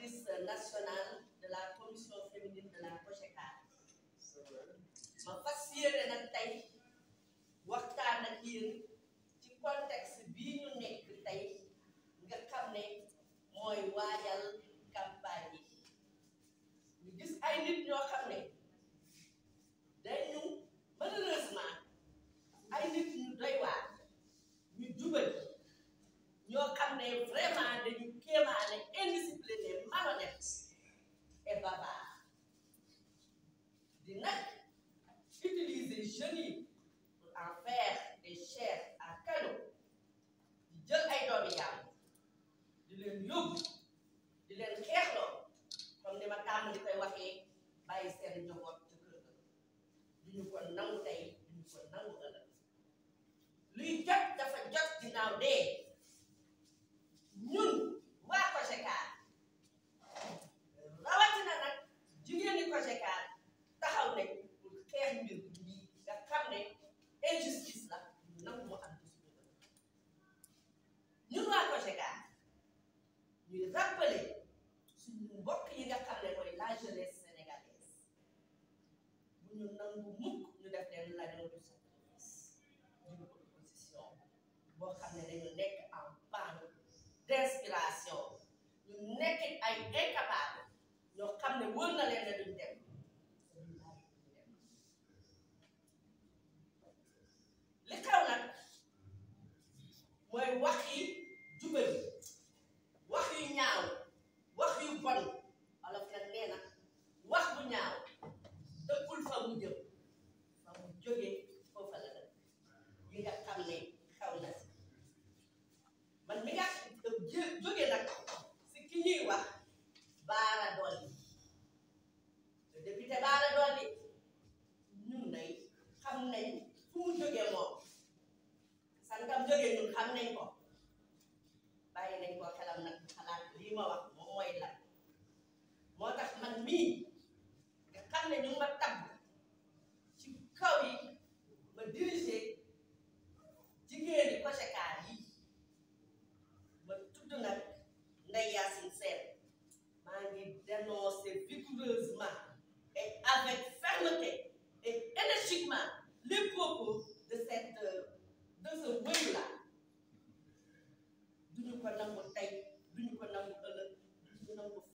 coordinatrice nationale de la commission féminine de la COJECAR ma fas yéene nag tey waxtaan ak yéen ci contexte bii ñu nekk tey nga xam ne mooy waajal campagne yi gis ay nit ñoo xam ne dañu malheureusement ay nit ñu doy waar ñu jubal ñoo xam ne vraiment jeunes yi pour en faire des chairs à cadeaux di jël ay di leen yóbbu di leen xeexloo comme ni ma tàmm di koy waxee bàyyi seen njaboot ci kër ga ñu ko nangu tey du ñu ko nangu ëllëg luy jot dafa jot ginnaaw dee ñun waa COJECAR rawatina nag jigéeni COJECAR taxaw nañ pour xeex mbir nangu mukk ñu def leen l'agneau du sacrifice d'une opposition boo xam ne dañu nekk en panne d'inspiration nekk ay incapables député Ba la doon di ñun nay xam nañ fu mu jógee moom santam jógee ko bàyyi nañ ko xelam nag xalaat lii ma wax moom mooy lan moo tax man mii nga xam ne ñu ma tàgg ci kaw yi ma dirigé jigéen yi kocekaar yi ma tudd nag Ndeye Yacine Sène maa ngi dénoncé vigoureusement